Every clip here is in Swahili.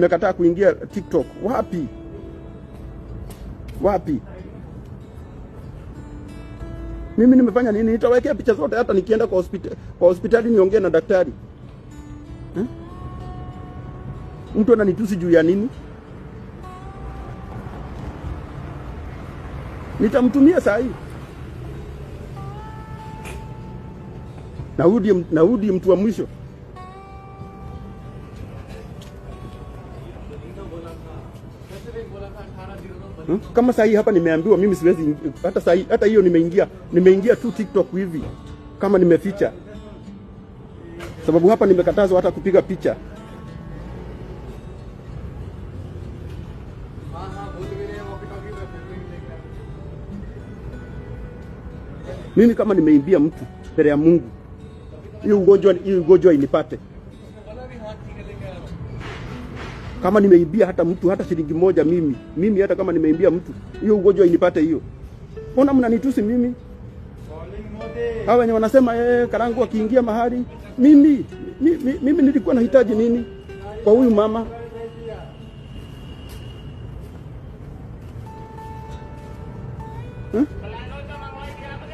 Mmekataa kuingia TikTok wapi? Wapi? Mimi nimefanya nini? Nitawekea picha zote, hata nikienda kwa hospitali, kwa hospitali niongee na daktari eh? Mtu ananitusi juu ya nini? Nitamtumia saa hii Naudi, Naudi mtu wa mwisho. Hmm? Kama saa hii hapa nimeambiwa mimi siwezi hata saa hata hiyo nimeingia nimeingia tu TikTok hivi kama nimeficha, sababu hapa nimekatazwa hata kupiga picha. Mimi kama nimeimbia mtu mbele ya Mungu, Hiyo ugonjwa hiyo ugonjwa inipate. Kama nimeibia hata mtu hata shilingi moja, mimi mimi, hata kama nimeimbia mtu, hiyo ugonjwa inipate hiyo. Mbona mnanitusi mimi? Hawa wenye wanasema eh, Karangu akiingia mahali, mimi mimi, mimi nilikuwa nahitaji nini kwa huyu mama?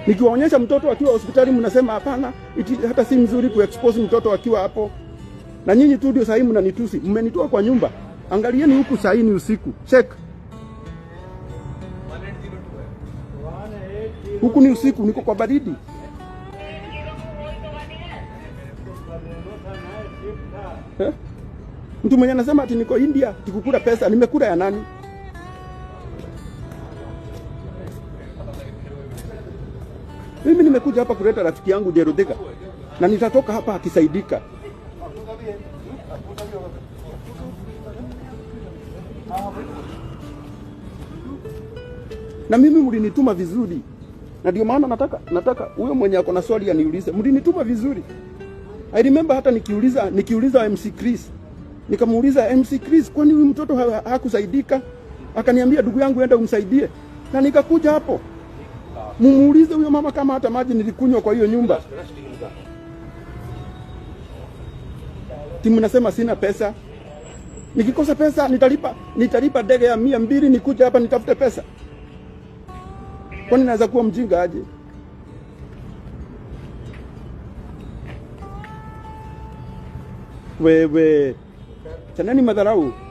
Nikiwaonyesha mtoto akiwa hospitali mnasema hapana, hata si mzuri kuexpose mtoto akiwa hapo. Na nyinyi tu ndio sahii mnanitusi, mmenitoa kwa nyumba Angalieni huku saa hii ni usiku, check huku ni usiku, niko kwa baridi. Eh? Mtu mwenye anasema ati niko India tikukula pesa, nimekula ya nani? Mimi nimekuja hapa kuleta rafiki yangu Jerudhiga na nitatoka hapa akisaidika. na mimi mlinituma vizuri, na ndio maana nataka nataka huyo mwenye ako na swali aniulize. Mlinituma vizuri. I remember hata nikiuliza nikiuliza MC Chris nikamuuliza MC Chris, kwani huyu mtoto hakusaidika? ha Akaniambia ndugu yangu, enda umsaidie, na nikakuja hapo. Mumuulize huyo mama kama hata maji nilikunywa kwa hiyo nyumba. Timu nasema sina pesa, Nikikosa pesa nitalipa nitalipa ndege ya mia mbili nikuja hapa nitafute pesa. Kwani naweza kuwa mjinga aje? Wewe chanani madharau.